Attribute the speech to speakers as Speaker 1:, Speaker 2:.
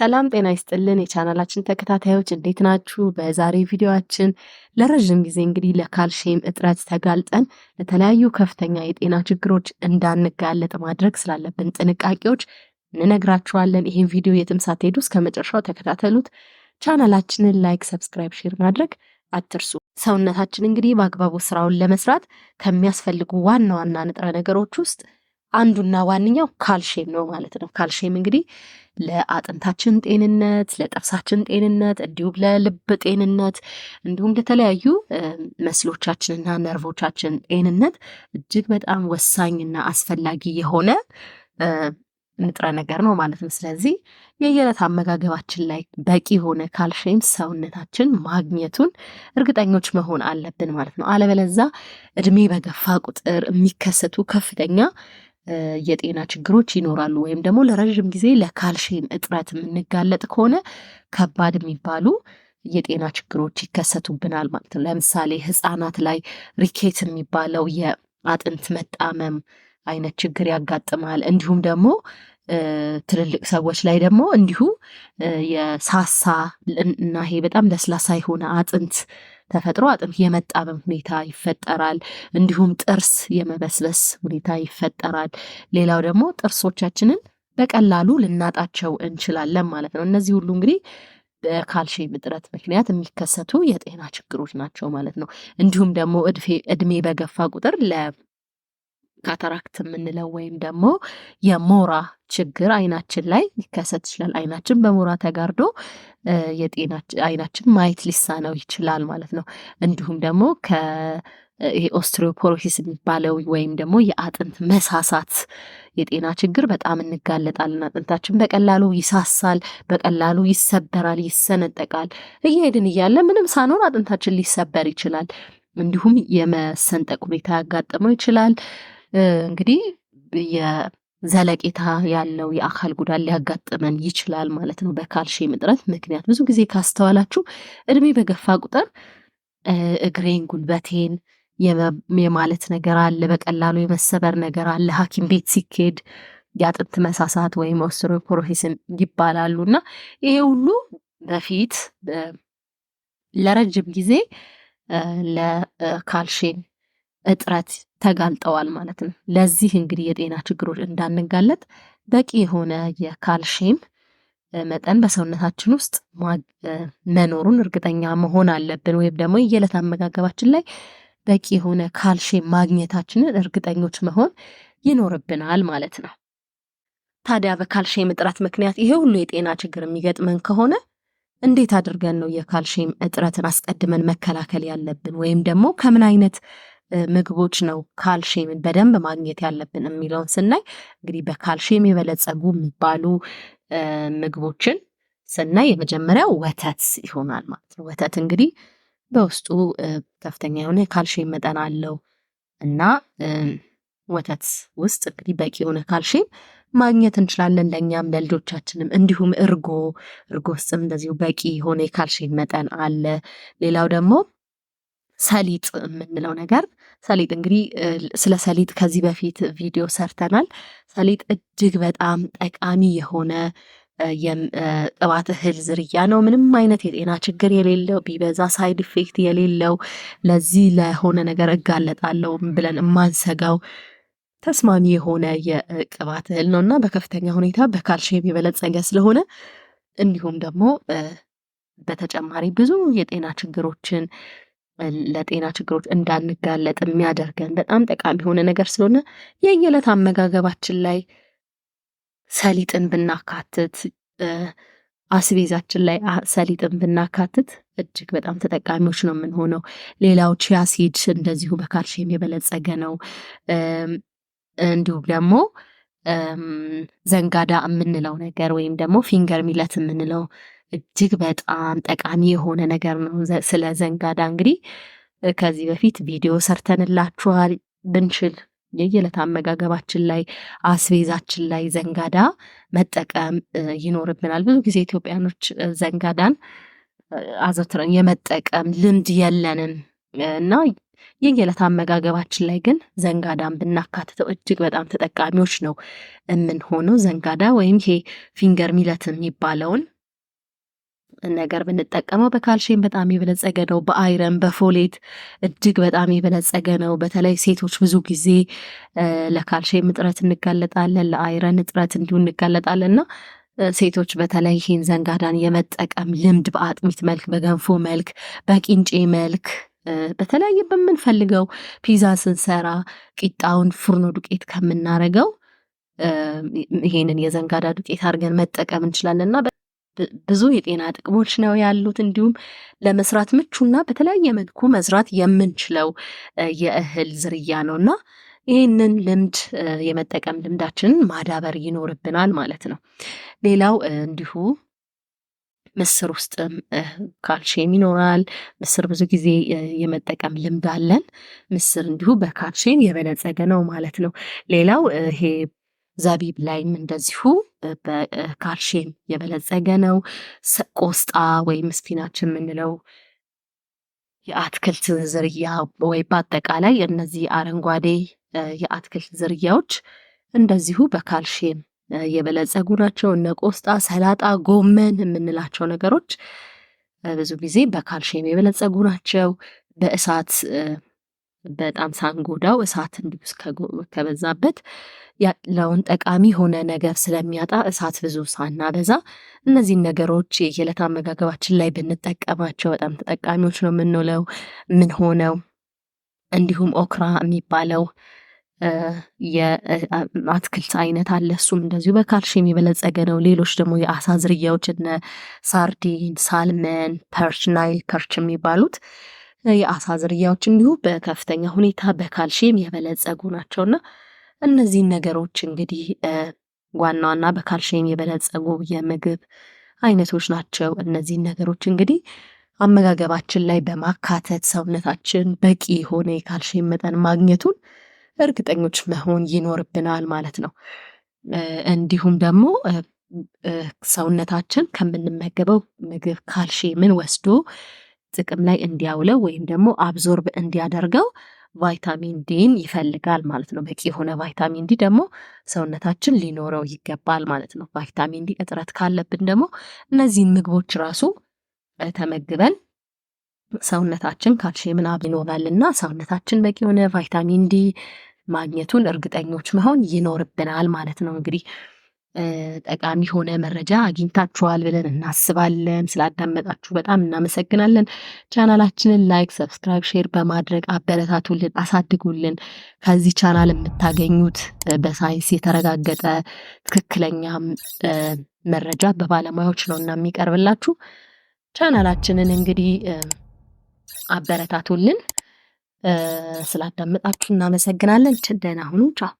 Speaker 1: ሰላም ጤና ይስጥልን የቻናላችን ተከታታዮች እንዴት ናችሁ? በዛሬ ቪዲዮአችን ለረዥም ጊዜ እንግዲህ ለካልሽየም እጥረት ተጋልጠን ለተለያዩ ከፍተኛ የጤና ችግሮች እንዳንጋለጥ ማድረግ ስላለብን ጥንቃቄዎች እንነግራችኋለን። ይህን ቪዲዮ የትም ሳትሄዱ እስከ መጨረሻው ተከታተሉት። ቻናላችንን ላይክ፣ ሰብስክራይብ፣ ሼር ማድረግ አትርሱ። ሰውነታችን እንግዲህ በአግባቡ ስራውን ለመስራት ከሚያስፈልጉ ዋና ዋና ንጥረ ነገሮች ውስጥ አንዱና ዋነኛው ካልሽም ነው ማለት ነው። ካልሽም እንግዲህ ለአጥንታችን ጤንነት፣ ለጥርሳችን ጤንነት እንዲሁም ለልብ ጤንነት እንዲሁም ለተለያዩ መስሎቻችንና ነርቮቻችን ጤንነት እጅግ በጣም ወሳኝና አስፈላጊ የሆነ ንጥረ ነገር ነው ማለት ነው። ስለዚህ የየዕለት አመጋገባችን ላይ በቂ የሆነ ካልሽም ሰውነታችን ማግኘቱን እርግጠኞች መሆን አለብን ማለት ነው። አለበለዛ እድሜ በገፋ ቁጥር የሚከሰቱ ከፍተኛ የጤና ችግሮች ይኖራሉ። ወይም ደግሞ ለረዥም ጊዜ ለካልሽየም እጥረት የምንጋለጥ ከሆነ ከባድ የሚባሉ የጤና ችግሮች ይከሰቱብናል ማለት ነው። ለምሳሌ ህፃናት ላይ ሪኬት የሚባለው የአጥንት መጣመም አይነት ችግር ያጋጥማል። እንዲሁም ደግሞ ትልልቅ ሰዎች ላይ ደግሞ እንዲሁ የሳሳ እና ይሄ በጣም ለስላሳ የሆነ አጥንት ተፈጥሮ አጥንት የመጣበም ሁኔታ ይፈጠራል። እንዲሁም ጥርስ የመበስበስ ሁኔታ ይፈጠራል። ሌላው ደግሞ ጥርሶቻችንን በቀላሉ ልናጣቸው እንችላለን ማለት ነው። እነዚህ ሁሉ እንግዲህ በካልሽየም እጥረት ምክንያት የሚከሰቱ የጤና ችግሮች ናቸው ማለት ነው። እንዲሁም ደግሞ እድሜ በገፋ ቁጥር ለ ካታራክት የምንለው ወይም ደግሞ የሞራ ችግር አይናችን ላይ ሊከሰት ይችላል። አይናችን በሞራ ተጋርዶ አይናችን ማየት ሊሳነው ይችላል ማለት ነው። እንዲሁም ደግሞ ይሄ ኦስትሪዮፖሮሲስ የሚባለው ወይም ደግሞ የአጥንት መሳሳት የጤና ችግር በጣም እንጋለጣለን። አጥንታችን በቀላሉ ይሳሳል፣ በቀላሉ ይሰበራል፣ ይሰነጠቃል። እየሄድን እያለ ምንም ሳንሆን አጥንታችን ሊሰበር ይችላል። እንዲሁም የመሰንጠቅ ሁኔታ ያጋጥመው ይችላል። እንግዲህ የዘለቄታ ያለው የአካል ጉዳት ሊያጋጥመን ይችላል ማለት ነው በካልሽየም እጥረት ምክንያት። ብዙ ጊዜ ካስተዋላችሁ እድሜ በገፋ ቁጥር እግሬን፣ ጉልበቴን የማለት ነገር አለ፣ በቀላሉ የመሰበር ነገር አለ። ሐኪም ቤት ሲኬድ የአጥንት መሳሳት ወይም ኦስትሮፖሮሲስ ይባላሉ እና ይሄ ሁሉ በፊት ለረጅም ጊዜ ለካልሽየም እጥረት ተጋልጠዋል ማለት ነው። ለዚህ እንግዲህ የጤና ችግሮች እንዳንጋለጥ በቂ የሆነ የካልሽየም መጠን በሰውነታችን ውስጥ መኖሩን እርግጠኛ መሆን አለብን። ወይም ደግሞ የዕለት አመጋገባችን ላይ በቂ የሆነ ካልሽየም ማግኘታችንን እርግጠኞች መሆን ይኖርብናል ማለት ነው። ታዲያ በካልሽየም እጥረት ምክንያት ይሄ ሁሉ የጤና ችግር የሚገጥመን ከሆነ እንዴት አድርገን ነው የካልሽየም እጥረትን አስቀድመን መከላከል ያለብን? ወይም ደግሞ ከምን አይነት ምግቦች ነው ካልሽየምን በደንብ ማግኘት ያለብን የሚለውን ስናይ እንግዲህ በካልሽየም የበለጸጉ የሚባሉ ምግቦችን ስናይ የመጀመሪያው ወተት ይሆናል ማለት ነው። ወተት እንግዲህ በውስጡ ከፍተኛ የሆነ የካልሽየም መጠን አለው እና ወተት ውስጥ እንግዲህ በቂ የሆነ ካልሽየም ማግኘት እንችላለን ለእኛም ለልጆቻችንም። እንዲሁም እርጎ እርጎ ውስጥም እንደዚሁ በቂ የሆነ የካልሽየም መጠን አለ። ሌላው ደግሞ ሰሊጥ የምንለው ነገር ሰሊጥ እንግዲህ ስለ ሰሊጥ ከዚህ በፊት ቪዲዮ ሰርተናል። ሰሊጥ እጅግ በጣም ጠቃሚ የሆነ የቅባት እህል ዝርያ ነው። ምንም አይነት የጤና ችግር የሌለው ቢበዛ ሳይድ ኢፌክት የሌለው ለዚህ ለሆነ ነገር እጋለጣለው ብለን የማንሰጋው ተስማሚ የሆነ የቅባት እህል ነው እና በከፍተኛ ሁኔታ በካልሽየም የበለጸገ ስለሆነ እንዲሁም ደግሞ በተጨማሪ ብዙ የጤና ችግሮችን ለጤና ችግሮች እንዳንጋለጥ የሚያደርገን በጣም ጠቃሚ የሆነ ነገር ስለሆነ የየዕለት አመጋገባችን ላይ ሰሊጥን ብናካትት አስቤዛችን ላይ ሰሊጥን ብናካትት እጅግ በጣም ተጠቃሚዎች ነው የምንሆነው። ሌላው ቺያሲድ እንደዚሁ በካልሽየም የበለጸገ ነው። እንዲሁም ደግሞ ዘንጋዳ የምንለው ነገር ወይም ደግሞ ፊንገር ሚለት የምንለው እጅግ በጣም ጠቃሚ የሆነ ነገር ነው። ስለ ዘንጋዳ እንግዲህ ከዚህ በፊት ቪዲዮ ሰርተንላችኋል። ብንችል የየዕለት አመጋገባችን ላይ አስቤዛችን ላይ ዘንጋዳ መጠቀም ይኖርብናል። ብዙ ጊዜ ኢትዮጵያኖች ዘንጋዳን አዘውትረን የመጠቀም ልምድ የለንም እና የየዕለት አመጋገባችን ላይ ግን ዘንጋዳን ብናካትተው እጅግ በጣም ተጠቃሚዎች ነው የምንሆነው። ዘንጋዳ ወይም ይሄ ፊንገር ሚለት የሚባለውን ነገር ብንጠቀመው በካልሽየም በጣም የበለጸገ ነው። በአይረን በፎሌት እጅግ በጣም የበለጸገ ነው። በተለይ ሴቶች ብዙ ጊዜ ለካልሽየም እጥረት እንጋለጣለን፣ ለአይረን እጥረት እንዲሁ እንጋለጣለን እና ሴቶች በተለይ ይህን ዘንጋዳን የመጠቀም ልምድ በአጥሚት መልክ፣ በገንፎ መልክ፣ በቂንጬ መልክ በተለያየ በምንፈልገው ፒዛ ስንሰራ ቂጣውን ፍርኖ ዱቄት ከምናረገው ይሄንን የዘንጋዳ ዱቄት አድርገን መጠቀም እንችላለን እና ብዙ የጤና ጥቅሞች ነው ያሉት። እንዲሁም ለመስራት ምቹና በተለያየ መልኩ መስራት የምንችለው የእህል ዝርያ ነው እና ይህንን ልምድ የመጠቀም ልምዳችንን ማዳበር ይኖርብናል ማለት ነው። ሌላው እንዲሁ ምስር ውስጥም ካልሽየም ይኖራል። ምስር ብዙ ጊዜ የመጠቀም ልምድ አለን። ምስር እንዲሁ በካልሽየም የበለጸገ ነው ማለት ነው። ሌላው ይሄ ዘቢብ ላይም እንደዚሁ በካልሽየም የበለጸገ ነው። ቆስጣ ወይም ስፒናች የምንለው የአትክልት ዝርያ ወይ በአጠቃላይ እነዚህ አረንጓዴ የአትክልት ዝርያዎች እንደዚሁ በካልሽየም የበለጸጉ ናቸው። እነ ቆስጣ፣ ሰላጣ፣ ጎመን የምንላቸው ነገሮች ብዙ ጊዜ በካልሽየም የበለጸጉ ናቸው። በእሳት በጣም ሳንጎዳው እሳት እንዲሁ ከበዛበት ያለውን ጠቃሚ የሆነ ነገር ስለሚያጣ እሳት ብዙ ሳናበዛ እነዚህን ነገሮች የዕለት አመጋገባችን ላይ ብንጠቀማቸው በጣም ተጠቃሚዎች ነው የምንውለው ምን ሆነው እንዲሁም ኦክራ የሚባለው የአትክልት አይነት አለ። እሱም እንደዚሁ በካልሽየም የበለጸገ ነው። ሌሎች ደግሞ የአሳ ዝርያዎች እነ ሳርዲን፣ ሳልመን፣ ፐርች፣ ናይል ፐርች የሚባሉት የአሳ ዝርያዎች እንዲሁ በከፍተኛ ሁኔታ በካልሽየም የበለጸጉ ናቸውና እነዚህን ነገሮች እንግዲህ ዋና ዋና በካልሽየም የበለጸጉ የምግብ አይነቶች ናቸው። እነዚህን ነገሮች እንግዲህ አመጋገባችን ላይ በማካተት ሰውነታችን በቂ የሆነ የካልሽየም መጠን ማግኘቱን እርግጠኞች መሆን ይኖርብናል ማለት ነው። እንዲሁም ደግሞ ሰውነታችን ከምንመገበው ምግብ ካልሽየምን ወስዶ ጥቅም ላይ እንዲያውለው ወይም ደግሞ አብዞርብ እንዲያደርገው ቫይታሚን ዲን ይፈልጋል ማለት ነው። በቂ የሆነ ቫይታሚን ዲ ደግሞ ሰውነታችን ሊኖረው ይገባል ማለት ነው። ቫይታሚን ዲ እጥረት ካለብን ደግሞ እነዚህን ምግቦች ራሱ ተመግበን ሰውነታችን ካልሽየምን ይኖራል እና ሰውነታችን በቂ የሆነ ቫይታሚን ዲ ማግኘቱን እርግጠኞች መሆን ይኖርብናል ማለት ነው እንግዲህ ጠቃሚ የሆነ መረጃ አግኝታችኋል ብለን እናስባለን። ስላዳመጣችሁ በጣም እናመሰግናለን። ቻናላችንን ላይክ፣ ሰብስክራይብ፣ ሼር በማድረግ አበረታቱልን፣ አሳድጉልን። ከዚህ ቻናል የምታገኙት በሳይንስ የተረጋገጠ ትክክለኛ መረጃ በባለሙያዎች ነው እና የሚቀርብላችሁ ቻናላችንን እንግዲህ አበረታቱልን። ስላዳመጣችሁ እናመሰግናለን። ደህና ሁኑ። ቻው